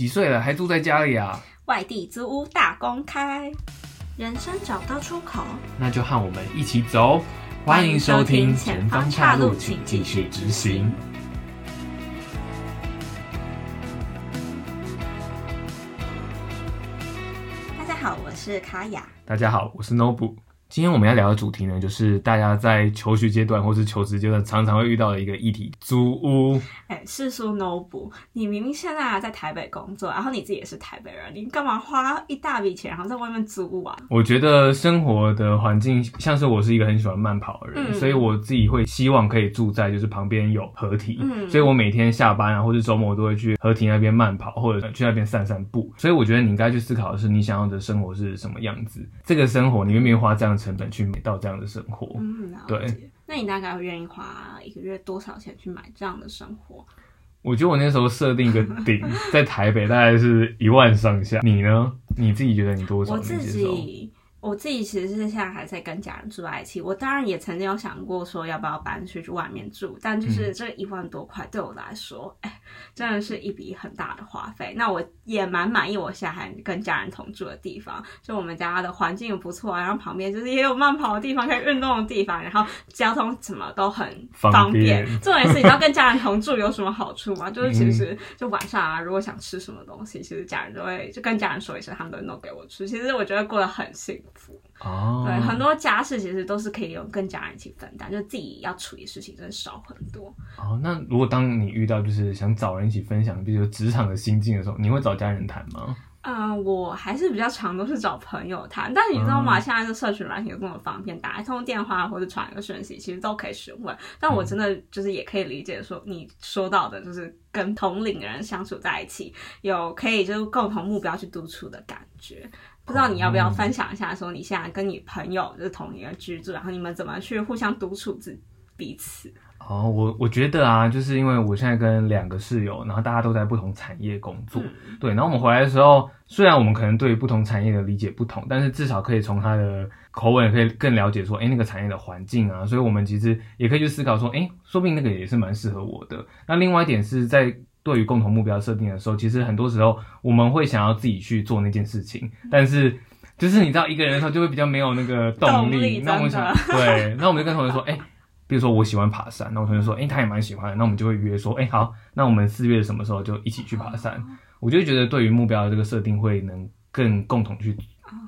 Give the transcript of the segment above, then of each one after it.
幾歲了還住在家裡啊？外地租屋大公開，人生找到出口，那就和我們一起走。歡迎收聽，前方岔路，請繼續直行。大家好，我是卡雅。大家好，我是 NOBU。今天我們要聊的主題呢，就是大家在求學階段或是求職階段常常會遇到的一個議題——租屋。哎，是說 NOBU，你明明現在在台北工作，然後你自己也是台北人，你幹嘛花一大筆錢然後在外面租屋啊？我覺得生活的環境，像是我是一個很喜歡慢跑的人，嗯、所以我自己會希望可以住在就是旁邊有河堤，嗯，所以我每天下班啊，或是週末我都會去河堤那邊慢跑，或者去那邊散散步。所以我覺得你應該去思考的是，你想要的生活是什麼樣子？這個生活你願不願意花這樣？成本去買到這樣的生活，嗯、對。那你大概願意花一個月多少錢去買這樣的生活？我覺得我那時候設定一個頂， 在台北大概是一萬上下。你呢？你自己覺得你多少能接受？我自己。我自己其實是現在還在跟家人住在一起，我當然也曾經有想過說要不要搬出去外面住，但就是這一萬多塊對我來說，哎，真的是一筆很大的花費。那我也蠻滿意，我現在還跟家人同住的地方，就我們家的環境也不錯啊，然後旁邊就是也有慢跑的地方，可以運動的地方，然後交通什麼都很方便。重點是，你知道跟家人同住有什麼好處嗎？ 就是其實就晚上啊，如果想吃什麼東西，其實家人都會就跟家人說一聲，他們都會弄給我吃。其實我覺得過得很幸福。哦，對，很多家事其實都是可以用跟家人一起分擔，就自己要處理事情真的少很多。哦，那如果當你遇到就是想找人一起分享，比如說職場的心境的時候，你會找家人談嗎？嗯、呃，我還是比較常都是找朋友談。但你知道嗎？哦、現在的社群軟體有這麼方便，打一通電話或者傳一個訊息，其實都可以詢問。但我真的就是也可以理解說，你說到的就是跟同齡人相處在一起，有可以就是共同目標去督促的感覺。不知道你要不要分享一下，說你現在跟你朋友就是同一個居住，然後你們怎麼去互相督促之彼此？哦，我我覺得啊，就是因為我現在跟兩個室友，然後大家都在不同產業工作、嗯，對。然後我們回來的時候，雖然我們可能對於不同產業的理解不同，但是至少可以從他的口吻可以更了解說，誒、欸，那個產業的環境啊，所以我們其實也可以去思考說，誒、欸，說不定那個也是蠻適合我的。那另外一點是在。對於共同目標設定的時候，其實很多時候我們會想要自己去做那件事情，嗯、但是就是你知道一個人的時候就會比較沒有那個動力。動力那我們想對， 那我們就跟同學說，哎、欸，比如說我喜歡爬山，那我同學說，哎、欸，他也蠻喜歡的，那我們就會約說，哎、欸，好，那我們四月什麼時候就一起去爬山，嗯？我就覺得對於目標的這個設定會能更共同去。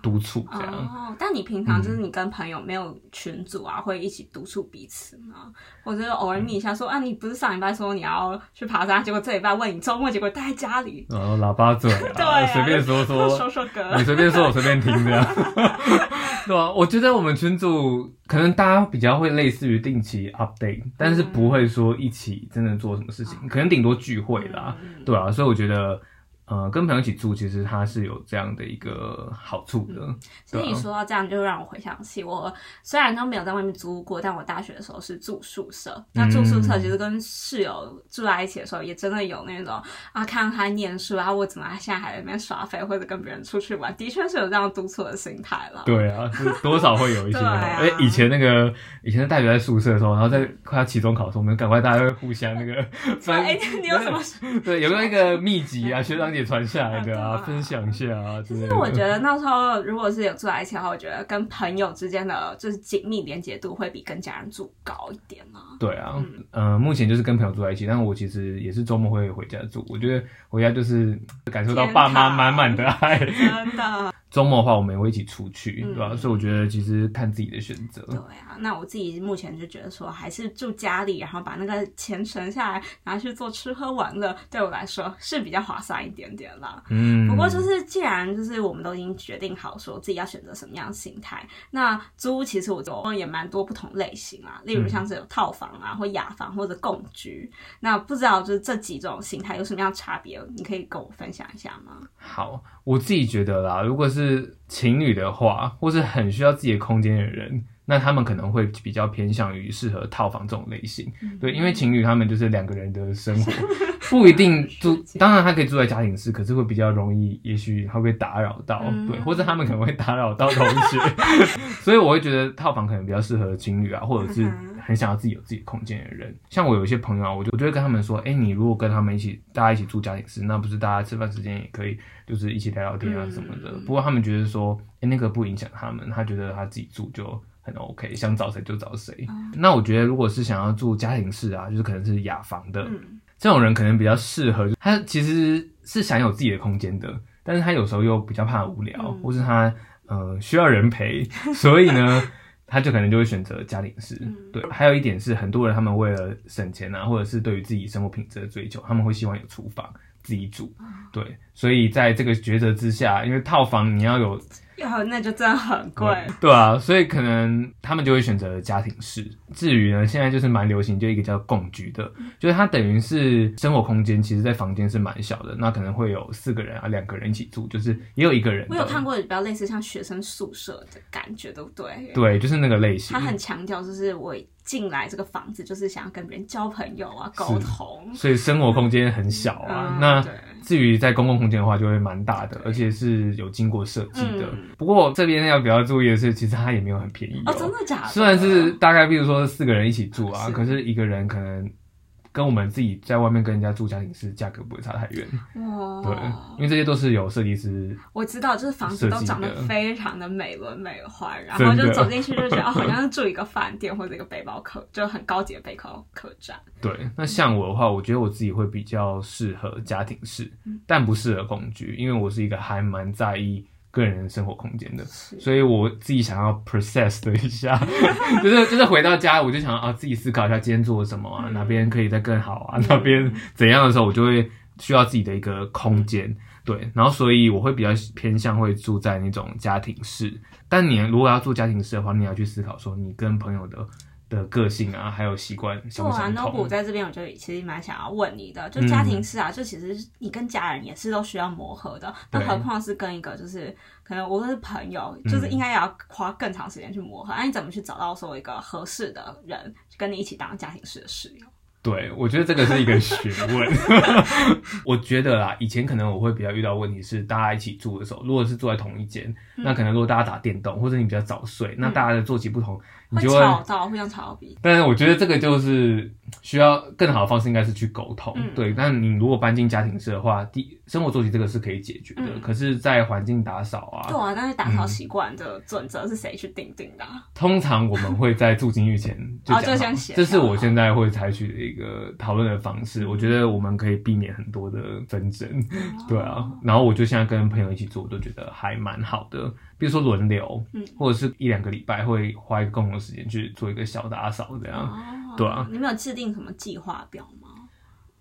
督促這樣、哦，但你平常就是你跟朋友沒有群組啊，嗯、會一起督促彼此嗎？或者是偶爾密一下說、嗯、啊，你不是上禮拜說你要去爬山，嗯、結果這禮拜問你周末，結果待在家裡。嗯、啊，喇叭嘴、啊。 對、啊，隨便說說說說哥，你隨、嗯、便說，我隨便聽的。 對啊，我覺得我們群組可能大家比較會類似於定期 update，、嗯、但是不會說一起真的做什麼事情，嗯、可能頂多聚會啦，對啊，所以我覺得。呃，跟朋友一起住，其實它是有這樣的一個好處的。嗯、其實你說到這樣，就讓我回想起、啊、我雖然都沒有在外面租過，但我大學的時候是住宿舍。嗯、那住宿舍其實跟室友住在一起的時候，也真的有那種啊，啊，看到他念書啊，我怎麼現在還在那邊耍廢，或者跟別人出去玩，的確是有這樣督促的心態了。對啊，是多少會有一些。哎 啊，以前那個以前的大學在宿舍的時候，然後在快要期中考試，我們趕快大家會互相那個分。哎、 嗯欸，你有什麼？ 對，有沒有一個秘籍啊， 學長？也傳下來的啊，啊，啊，分享一下啊。其實我覺得那時候如果是有住在一起的話，我覺得跟朋友之間的就是緊密連結度會比跟家人住高一點啊。對啊，嗯，呃，目前就是跟朋友住在一起，但是我其實也是周末會回家住。我覺得回家就是感受到爸媽滿滿的愛。真的。週末的話，我們也會一起出去，對吧、啊嗯。所以我覺得其實看自己的選擇。對啊，那我自己目前就覺得說，還是住家裡，然後把那個錢存下來，拿去做吃喝玩樂，對我來說是比較划算一點點啦。嗯。不過就是既然就是我們都已經決定好，說自己要選擇什麼樣形態，那租其實我覺得也蠻多不同類型啊，例如像是有套房啊，或雅房或者共居、嗯。那不知道就是這幾種形態有什麼樣的差別，你可以跟我分享一下嗎？好，我自己覺得啦，如果是。是情侶的話，或是很需要自己的空間的人。那他們可能會比較偏向於適合套房這種類型、嗯，對，因為情侶他們就是兩個人的生活，嗯、不一定住、嗯，當然他可以住在家庭式，可是會比較容易，嗯、也許他會被打擾到，對，或者他們可能會打擾到同學，嗯、 所以我會覺得套房可能比較適合情侶啊，或者是很想要自己有自己空間的人、嗯。像我有一些朋友啊，我就我就會跟他們說，哎、欸，你如果跟他們一起，大家一起住家庭式，那不是大家吃飯時間也可以就是一起聊聊天啊什麼的、嗯。不過他們覺得說，哎、欸，那個不影響他們，他覺得他自己住就。很 OK，想找誰就找誰、嗯。那我覺得，如果是想要住家庭式啊，就是可能是雅房的、嗯、這種人，可能比較適合。他其實是想有自己的空間的，但是他有時候又比較怕無聊，嗯、或是他呃需要人陪、嗯，所以呢，他就可能就會選擇家庭式、嗯。對，還有一點是，很多人他們為了省錢啊，或者是對於自己生活品質的追求，他們會希望有廚房自己煮、嗯。對，所以在這個抉擇之下，因為套房你要有。然後那就真的很貴、嗯。對啊，所以可能他們就會選擇家庭式。至於呢，現在就是蠻流行，就一個叫共居的，就是它等於是生活空間，其實在房間是蠻小的。那可能會有四個人啊，兩個人一起住，就是也有一個人。我有看過，比較類似像學生宿舍的感覺，對不對？對，就是那個類型。他很強調，就是我。進來這個房子就是想要跟別人交朋友啊，溝通，所以生活空間很小啊。嗯、啊那至於在公共空間的話，就會蠻大的，而且是有經過設計的、嗯。不過這邊要比較注意的是，其實它也沒有很便宜哦，哦真的假的？啊？雖然是大概，比如說四個人一起住啊，是可是一個人可能。跟我們自己在外面跟人家住家庭式，價格不會差太遠。哇，對，因為這些都是有設計師設計，我知道，就是房子都長得非常的美輪美奐，然後就走進去就覺得好像住一個飯店或者一個背包客， 就很高級的背包客棧。對，那像我的話，我覺得我自己會比較適合家庭式、嗯，但不適合公寓，因為我是一個還蠻在意。個人生活空間的，所以我自己想要 process 的一下， 就是就是回到家，我就想啊，自己思考一下今天做了什麼啊，嗯、哪邊可以再更好啊，嗯、哪邊怎樣的時候，我就會需要自己的一個空間、嗯，對，然後所以我會比較偏向會住在那種家庭式，但你如果要住家庭式的話，你要去思考說你跟朋友的。的個性啊，還有習慣，做啊。NOBU 在這邊，我覺得其實蠻想要問你的，就家庭式啊、嗯，就其實你跟家人也是都需要磨合的，更何況是跟一個就是可能我們是朋友，就是應該也要花更長時間去磨合。那、嗯啊、你怎麼去找到說一個合適的人，跟你一起當家庭式的室友？對，我覺得這個是一個學問。 我覺得啦，以前可能我會比較遇到問題是，大家一起住的時候，如果是住在同一間、嗯，那可能如果大家打電動，或者你比較早睡，那大家的作息不同，嗯、你就會吵到，互相吵到彼此。但是我覺得這個就是。嗯嗯需要更好的方式，應該是去溝通、嗯。對，但你如果搬進家庭式的話，第生活作息這個是可以解決的。嗯、可是，在環境打掃啊，對啊，但是打掃習慣的準則是誰去定定的、啊嗯？通常我們會在住進去前就講、 哦，這是我現在會採取的一個討論的方式、嗯。我覺得我們可以避免很多的紛爭。對啊， 然後我就現在跟朋友一起住，我都覺得還蠻好的。比如說輪流，嗯，或者是一兩個禮拜會花一個共同時間去做一個小打掃，這樣、哦哦，對啊。你沒有制定什麼計劃表嗎？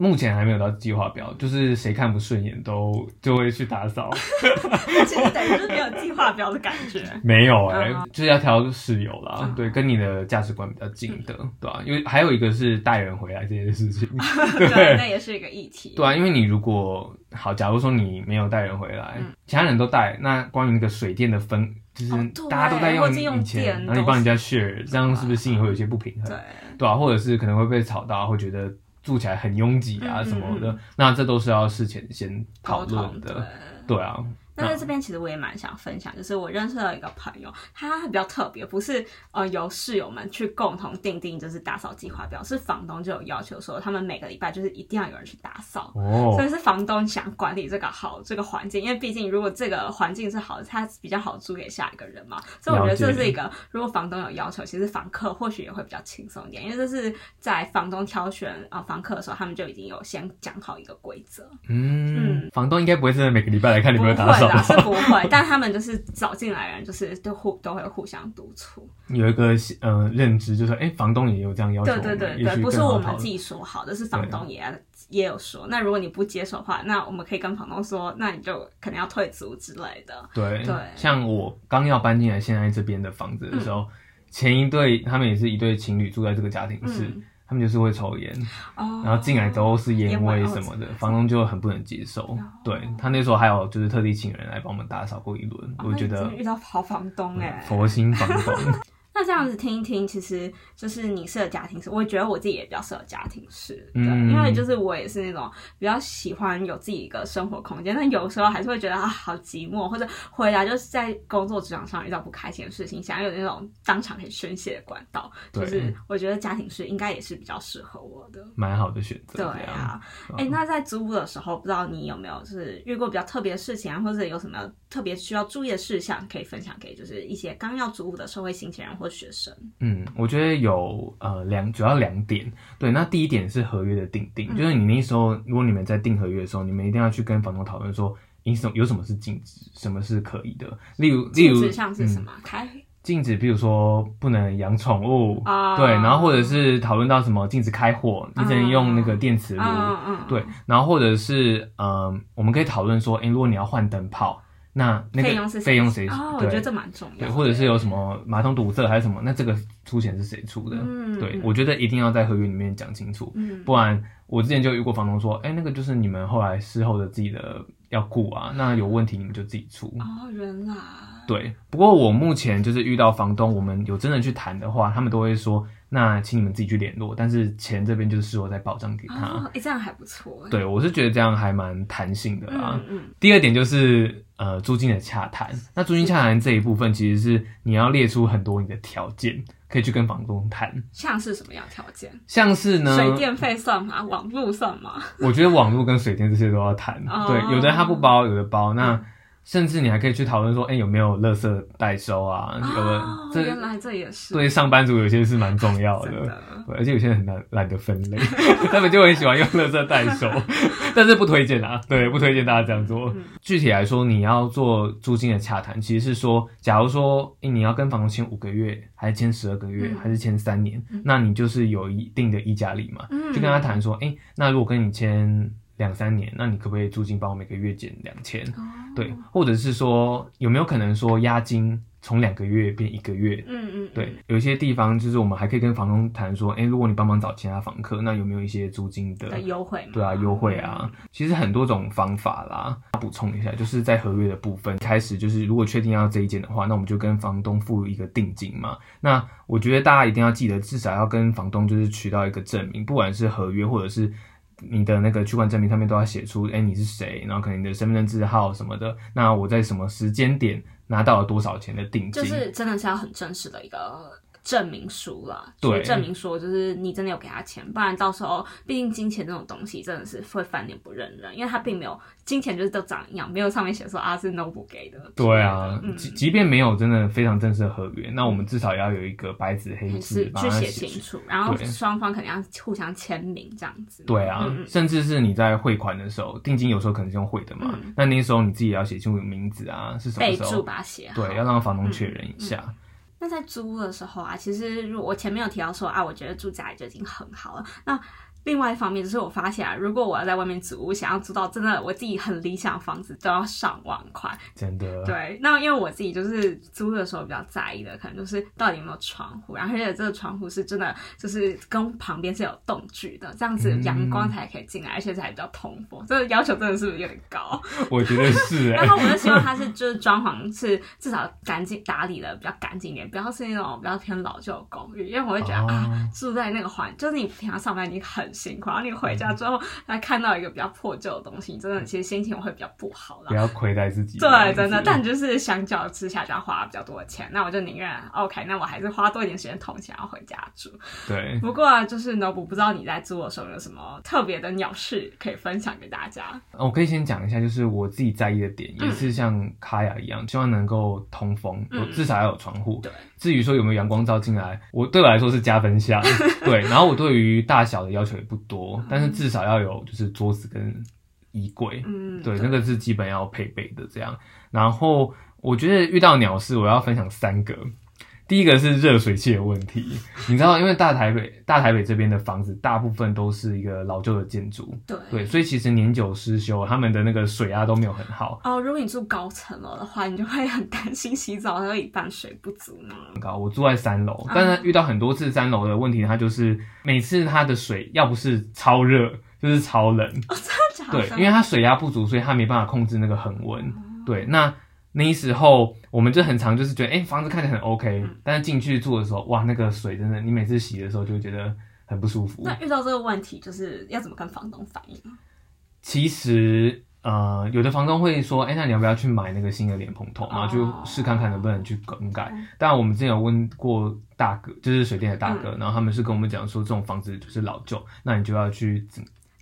目前還沒有到計劃表，就是誰看不順眼都就會去打掃， 其實等於都沒有計劃表的感覺。 沒有誒、欸嗯、就是要挑室友啦，嗯、對，跟你的價值觀比較近的、嗯，對啊，因為還有一個是帶人回來這件事情，嗯、對， 對，那也是一個議題。對啊，因為你如果好，假如說你沒有帶人回來、嗯，其他人都帶，那關於那個水電的分，就是大家都在用錢，用然後你幫人家 share，這樣是不是心裡會有一些不平衡？對，對、啊、或者是可能會被吵到，會覺得。住起來很擁擠啊，什麼的，嗯，那這都是要事前先討論的，對啊。那在這邊其實我也蠻想分享，就是我認識了一個朋友，他比較特別，不是呃由室友們去共同訂定，就是打掃計劃表，是房東就有要求說，他們每個禮拜就是一定要有人去打掃。哦。所以是房東想管理這個好，這個環境，因為畢竟如果這個環境是好的，他比較好租給下一個人嘛。所以我覺得這是一個，如果房東有要求，其實房客或許也會比較輕鬆一點，因為這是在房東挑選啊、呃、房客的時候，他們就已經有先講好一個規則。嗯，嗯。房東應該不會是每個禮拜來看你有沒有打掃？不會，但他們就是找進來人，就是都互都會互相督促。有一個呃認知，就是哎、欸，房東也有這樣要求。對對對，對，不是我們自己說好的，是房東也也有說。那如果你不接受的話，那我們可以跟房東說，那你就可能要退租之類的。對對，像我剛要搬進來，現在這邊的房子的時候，嗯、前一對他們也是一對情侶住在這個家庭式。嗯他們就是會抽菸，oh, 然後進來都是菸味什麼的,味的，房東就很不能接受。Oh. 對他那時候還有就是特地請人來幫我們打掃過一輪，oh, 我覺得遇到好房東誒、欸嗯、佛心房東。 那這樣子聽一聽，其實就是你適合家庭式，我覺得我自己也比較適合家庭式，對、嗯，因為就是我也是那種比較喜歡有自己一個生活空間，但有時候還是會覺得啊好寂寞，或者回來就是在工作職場上遇到不開心的事情，想要有那種當場可以宣洩的管道，對，就是我覺得家庭式應該也是比較適合我的，蠻好的選擇。對啊，哎、嗯欸，那在租屋的時候，不知道你有沒有就是遇過比較特別的事情，或者有什麼特別需要注意的事項可以分享給就是一些剛要租屋的社會新鮮人？或學生，嗯，我覺得有呃兩主要兩點。對，那第一點是合約的訂定、嗯，就是你那時候如果你們在訂合約的時候，你們一定要去跟房東討論說，有什麼有什麼是禁止，什麼是可以的。例如，例如像是什麼？嗯、禁止，比如說不能養寵物，uh, 對，然後或者是討論到什麼禁止開火，不能用那個電磁爐，uh, uh, uh, 對，然後或者是嗯，我們可以討論說，哎、欸，如果你要換燈泡，那那個費用是誰？費用誰？哦、oh,，我覺得這蠻重要的對。對，或者是有什麼馬桶堵塞還是什麼，那這個出錢是誰出的？嗯，對嗯，我覺得一定要在合約裡面講清楚。嗯，不然我之前就遇過房東說，哎、欸，那個就是你們後來事後的自己的要顧啊，那有問題你們就自己出啊，人、哦、啊。對，不過我目前就是遇到房東，我們有真的去談的話，他們都會說。那請你們自己去聯絡，但是錢這邊就是我在保障給他，哦欸、這樣還不錯。對我是覺得這樣還蠻彈性的啦、啊嗯嗯。第二點就是呃租金的洽談，那租金洽談這一部分其實是你要列出很多你的條件，可以去跟房東談。像是什麼樣條件？像是呢？水電費算嗎？網路算嗎？我覺得網路跟水電這些都要談、哦。對，有的他不包，有的包。那、嗯甚至你還可以去討論說，誒、欸、有沒有垃圾代收啊、哦這，原來這也是對上班族，有些是蠻重要的，的對，而且有些人很懶，懶得分類，他 們就很喜歡用垃圾代收， 但是不推薦啊。對，不推薦大家這樣做、嗯。具體來說，你要做租金的洽談，其實是說，假如說，欸、你要跟房東簽五個月，還是簽十二個月，嗯、還是簽三年？那你就是有一定的議價力嘛、嗯，就跟他談說，誒、欸、那如果跟你簽。兩三年，那你可不可以租金幫我每個月減兩千？對，或者是說有沒有可能說押金從兩個月變一個月？嗯嗯，對，有一些地方就是我們還可以跟房東談說，哎、欸，如果你幫忙找其他房客，那有沒有一些租金的優惠？對啊，優惠啊，mm -hmm. 其實很多種方法啦。補充一下，就是在合約的部分開始，就是如果確定要這一間的話，那我們就跟房東付一個定金嘛。那我覺得大家一定要記得，至少要跟房東就是取到一個證明，不管是合約或者是。你的那個取款證明上面都要寫出，哎、欸，你是誰，然後可能你的身份證字號什麼的，那我在什麼時間點拿到了多少錢的定金，就是真的是要很正式的一個。證明書了，就證明說就是你真的有給他錢，不然到時候，畢竟金錢這種東西真的是會翻臉不認人，因為他並沒有金錢就是都長一樣，沒有上面寫說啊是 no 不給的。對啊，嗯、即即便沒有真的非常正式的合約，那我們至少也要有一個白紙黑字，嗯、是寫去寫清楚，然後雙方肯定要互相簽名這樣子。對啊嗯嗯，甚至是你在匯款的時候，定金有時候可能是用匯的嘛，那、嗯、那時候你自己也要寫清楚名字啊，是什麼時候，備注把它寫好，對，要讓房東確認一下。嗯嗯那在租的時候啊，其實如我前面有提到說啊，我覺得住宅就已經很好了。那另外一方面，就是我發現，啊，如果我要在外面租，想要租到真的我自己很理想的房子，都要上萬塊。真的。對，那因為我自己就是租的時候比較在意的，可能就是到底有沒有窗戶，然後而且這個窗戶是真的，就是跟旁邊是有棟距的，這樣子陽光才可以進來，嗯，而且才比較通風。這個要求真的是不是有點高？我覺得是、欸。 然後我就希望它是就是裝潢是至少乾淨打理的比較乾淨一點，不要是那種比較偏老舊的公寓，因為我會覺得啊，哦、啊住在那個環，就是你平常上班你很辛苦，然後你回家之後，他、嗯、看到一個比較破舊的東西，你真的其實心情我會比較不好啦，不要虧待自己。對，真的。但就是相較之下，就要花比較多的錢，那我就寧願 OK，那我還是花多一點時間，通勤要回家住。對。不過、啊、就是 NOBU，不知道你在住的時候有什麼特別的鳥事可以分享給大家？我可以先講一下，就是我自己在意的點，也是像卡雅一樣，希望能夠通風，嗯、我至少要有窗戶。對。至於說有沒有陽光照進來，我對我來說是加分項。對。然後我對於大小的要求。 也不多，但是至少要有就是桌子跟衣櫃，嗯，對，那個是基本要配備的這樣。然後我覺得遇到鳥事，我要分享三個。第一個是熱水器的問題，你知道，因為大台北大台北這邊的房子大部分都是一個老舊的建築，對對，所以其實年久失修，他們的那個水壓、啊、都沒有很好。哦，如果你住高層樓的話，你就會很擔心洗澡它會半水不足嗎？高，我住在三樓，但是遇到很多次三樓的問題、嗯，它就是每次它的水要不是超熱，就是超冷。哦、真的假的？對，因為它水壓不足，所以它沒辦法控制那個恆溫、嗯。對，那。那時候我們就很常就是覺得，欸、房子看起來很 OK，嗯、但是進去住的時候，哇，那個水真的，你每次洗的時候就會覺得很不舒服。那遇到這個問題就是要怎麼跟房東反應？其實，呃，有的房東會說，哎、欸，那你要不要去買那個新的蓮蓬頭、嗯，然後就試看看能不能去更改、嗯。但我們之前有問過大哥，就是水電的大哥、嗯，然後他們是跟我們講說，這種房子就是老舊，那你就要去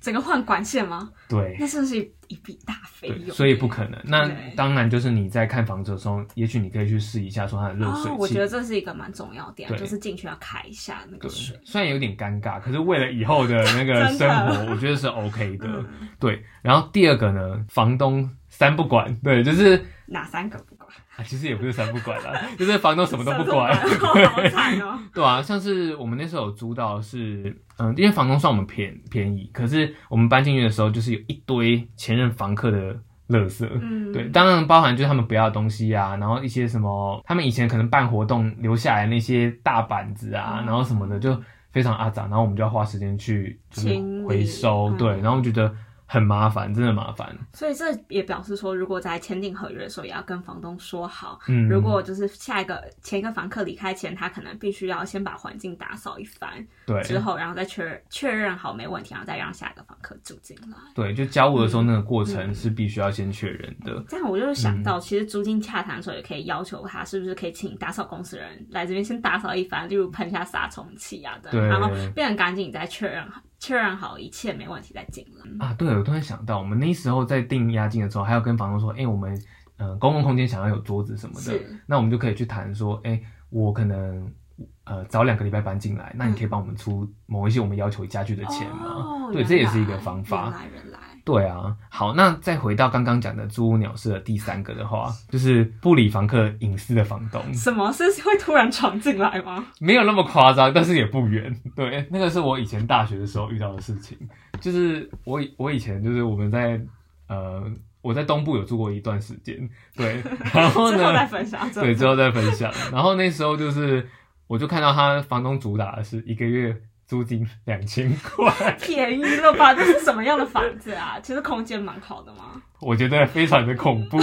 整個換管線嗎？對，那是不是一筆大費用？所以不可能。那當然就是你在看房子的時候，也許你可以去試一下，說它的熱水器、哦。我覺得這是一個蠻重要點，就是進去要開一下那個水。對對，雖然有點尷尬，可是為了以後的那個生活， 我覺得是 OK 的、嗯。對，然後第二個呢，房東三不管，對，就是哪三個不管？啊、其實也不是三不管啦， 就是房東什麼都不管，喔、 對啊，像是我們那時候有租到的是，嗯，因為房東算我們便，便宜，可是我們搬進去的時候就是有一堆前任房客的垃圾，嗯，對，當然包含就是他們不要的東西啊，然後一些什麼他們以前可能辦活動留下來那些大板子啊，嗯、然後什麼的就非常阿、啊、雜，然後我們就要花時間去就是回收，嗯、對，然後我們覺得。很麻煩，真的麻煩。所以這也表示說，如果在簽訂合約的時候，也要跟房東說好、嗯，如果就是下一個前一個房客離開前，他可能必須要先把環境打掃一番，對，之後然後再確認，確認好沒問題，然後再讓下一個房客住進來。對，就交屋的時候那個過程是必須要先確認的、嗯嗯。這樣我就想到，嗯、其實租金洽談的時候也可以要求他，是不是可以請打掃公司人來這邊先打掃一番，例如噴下殺蟲劑啊的對，然後變成乾淨你再確認好。確認好一切沒問題再進了。啊，對，我突然想到，我們那時候在定押金的時候，還要跟房東說，哎，我們嗯、呃，公共空間想要有桌子什麼的，是。那我們就可以去談說，哎，我可能呃早兩個禮拜搬進來，那你可以幫我們出某一些我們要求家具的錢嘛、哦？對，這也是一個方法。對啊，好，那再回到剛剛講的租屋鳥事的第三個的話，就是不理房客隱私的房東，什麼?是不是會突然闖進來嗎？沒有那麼誇張，但是也不遠。對，那個是我以前大學的時候遇到的事情，就是我以我以前就是我們在呃我在東部有住過一段時間，對，然後呢，對 最後再分享，對，最後再分享 然後那時候就是我就看到他房東主打的是一個月。租金兩千塊，便宜了吧？這是什麼樣的房子啊？其實空間蠻好的嘛。我覺得非常的恐怖，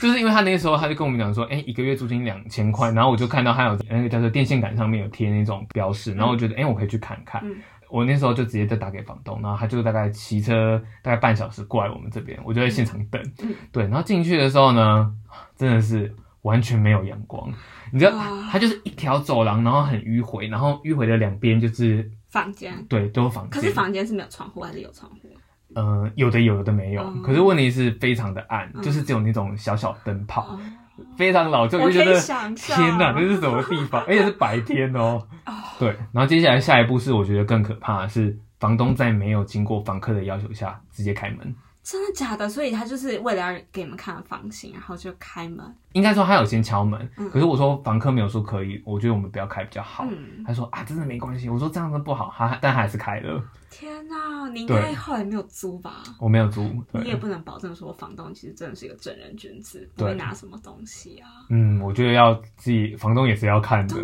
就是因為他那個時候他就跟我們講說，哎，一個月租金兩千塊，然後我就看到他有那個叫做電線桿上面有貼那種標識，然後我覺得，哎，我可以去看看。我那時候就直接就打給房東，然後他就大概騎車大概半小時過來我們這邊，我就在現場等。對，然後進去的時候呢，真的是。完全沒有陽光，你知道，它就是一條走廊，然後很迂迴，然後迂迴的兩邊就是房間，對，都是房間。可是房間是沒有窗戶還是有窗戶？呃，有的有，有的沒有、嗯。可是問題是非常的暗，嗯、就是只有那種小小燈泡、嗯，非常老舊。我就覺得天哪、啊，這是什麼地方？而且是白天哦。哦對，然後接下來下一步是，我覺得更可怕的是房東在沒有經過房客的要求下直接開門。真的假的？所以他就是為了要給你們看房型，然後就開門。應該說他有先敲門，嗯，可是我說房客沒有說可以，我覺得我們不要開比較好。嗯，他說啊，真的沒關係。我說這樣子不好，他但還是開了。天吶，你應該後來沒有租吧？我沒有租。你也不能保證說房東其實真的是一個正人君子，不會拿什麼東西啊。嗯，我覺得要自己房東也是要看的，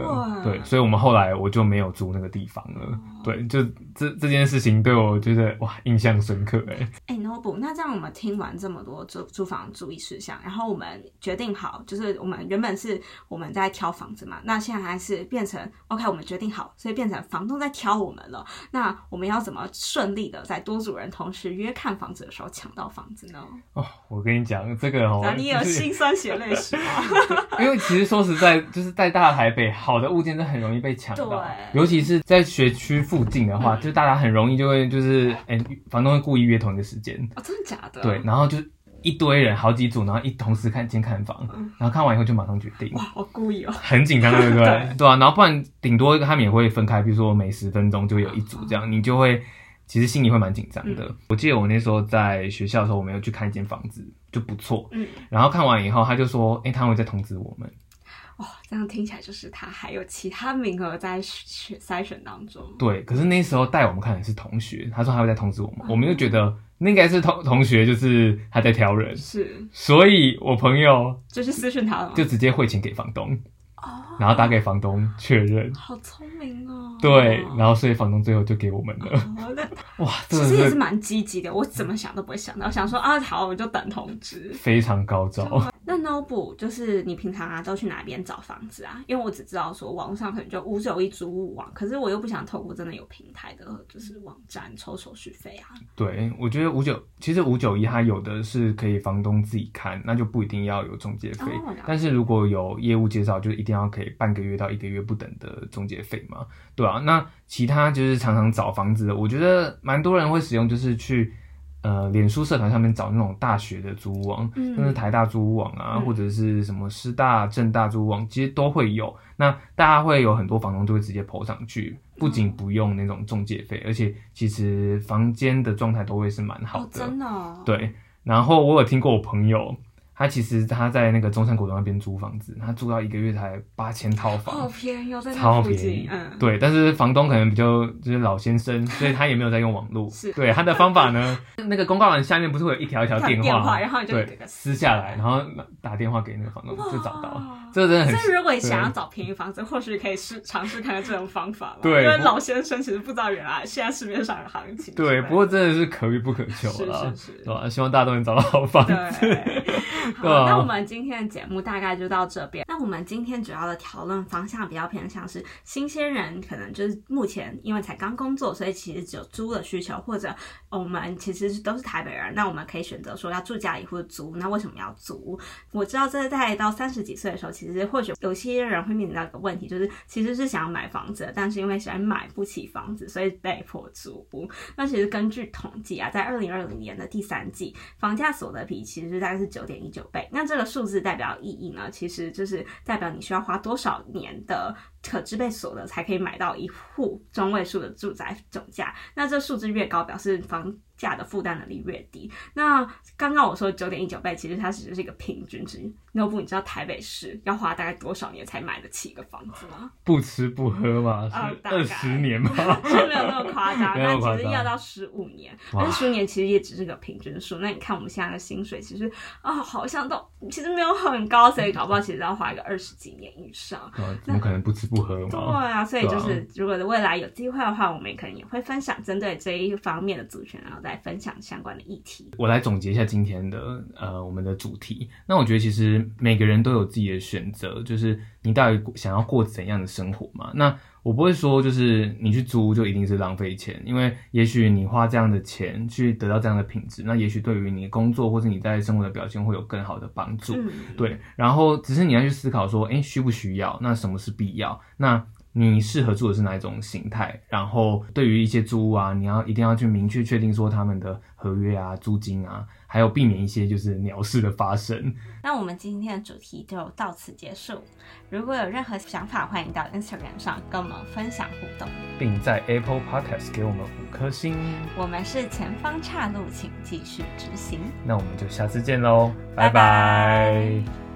對。對所以，我們後來我就沒有租那個地方了。哦、對，就這這件事情對，我覺得哇印象深刻哎。哎 NOBU，那這樣我們聽完這麼多租租房注意事項，然後我們決定好，就是我們原本是我們在挑房子嘛，那現在還是變成 OK，我們決定好，所以變成房東在挑我們了。那我們要怎麼？啊，順利的在多組人同時約看房子的時候搶到房子呢？哦，我跟你講這個哦，那、啊、你有心酸血淚史嗎？ 因為其實說實在，就是在大台北，好的物件都很容易被搶到，尤其是在學區附近的話、嗯，就大家很容易就會就是，哎、欸，房東會故意約同一個時間。哦，真的假的？對，然後就。一堆人，好幾組，然後一同時看，先看房，嗯，然後看完以後就馬上決定。哇，我故意哦！很緊張，對不對， 對？對啊，然後不然頂多他們也會分開，比如說每十分鐘就會有一組這樣，嗯、你就會其實心裡會蠻緊張的，嗯。我記得我那時候在學校的時候，我們有去看一間房子，就不錯。嗯。然後看完以後，他就說：“哎、欸，他會再通知我們。哦”哇，這樣聽起來就是他還有其他名額在選、篩選當中。對，可是那時候帶我們看的是同學，他說他會再通知我們，嗯，我們就覺得。那應該是同同學，就是他在挑人，是。所以我朋友就是私訊他了，就直接匯錢給房東哦，然後打給房東確認。好聰明哦，對，然後所以房東最後就給我們了。哦哇對，其實也是蠻積極的，我怎麼想都不會想到， 想說啊，好，我就等通知，非常高招。那 NOBU 就是你平常啊，都去哪邊找房子啊？因為我只知道說，網上可能就五九一租屋網，可是我又不想透過真的有平台的，就是網站、嗯、抽手續費啊。對，我覺得五九其實五九一它有的是可以房東自己看，那就不一定要有中介費、哦，但是如果有業務介紹，就一定要可以半個月到一個月不等的中介費嘛，對啊，那。其他就是常常找房子的，我覺得蠻多人會使用，就是去呃、臉書社團上面找那種大學的租屋網，就、嗯、是台大租網啊、嗯，或者是什麼師大、政大租網，其實都會有。那大家會有很多房東就會直接 PO 上去，不僅不用那種中介費、哦，而且其實房間的狀態都會是蠻好的，哦、真的、哦。對，然後我有聽過我朋友。他其實他在那個中山國棟那邊租房子，他租到一個月才八千，套房，好便宜喲，真的超便宜。嗯，對，但是房東可能比較就是老先生， 所以他也沒有在用網絡。是，對他的方法呢， 那個公告欄下面不是會有一條一條電，電話，然後你就給撕，下撕下來，然後打電話給那個房東就找到了。這真的很。所以如果你想要找便宜房子，或許可以試嘗試看看這種方法了。對，因為老先生其實不知道原來現在市面上的行情。對對。對，不過真的是可遇不可求了，是是是，對吧？希望大家都能找到好房子。對好，那我們今天的節目大概就到這邊。那我們今天主要的討論方向比較偏向是，新鮮人可能就是目前因為才剛工作，所以其實只有租的需求，或者我們其實都是台北人，那我們可以選擇說要住家裡或租。那為什麼要租？我知道這在到三十幾歲的時候，其實或許有些人會面臨到一個問題，就是其實是想要買房子，但是因為嫌買不起房子，所以被迫租。那其實根據統計啊，在二零二零年的第三季，房價所得比其實大概是九點一九。九倍，那這個數字代表意義呢？其實就是代表你需要花多少年的可支配所得才可以買到一戶中位數的住宅總價，那這數字越高，表示房價的負擔能力越低。那剛剛我說九點一九倍，其實它只是一個平均值。那不，你知道台北市要花大概多少年才買得起一個房子嗎？不吃不喝嗎？二十年嗎？ 哦、大 沒有那麼誇張。但 那，那其實要到十五年，但十五年其實也只是個平均數。那你看我們現在的薪水，其實、哦、好像都其實沒有很高，所以搞不好其實要花一個二十幾年以上、哦。怎麼可能不止？不合作啊，所以就是，啊、如果未來有機會的話，我們也可能也會分享針對這一方面的主權，然後再分享相關的議題。我來總結一下今天的呃，我們的主題。那我覺得其實每個人都有自己的選擇，就是。你到底想要過怎樣的生活嘛？那我不會說就是你去租就一定是浪費錢，因為也許你花這樣的錢去得到這樣的品質，那也許對於你工作或是你在生活的表現會有更好的幫助。對，然後只是你要去思考說，誒、欸，需不需要？那什麼是必要？那你適合住的是哪一種形態？然後對於一些租屋啊，你要一定要去明確確定說他們的合約啊、租金啊。還有避免一些就是鳥事的發生。那我們今天的主題就到此結束。如果有任何想法，歡迎到 Instagram 上跟我們分享互動，並在 Apple Podcast 給我們五顆星。我們是前方岔路，請繼續直行。那我們就下次見嘍，拜拜。Bye bye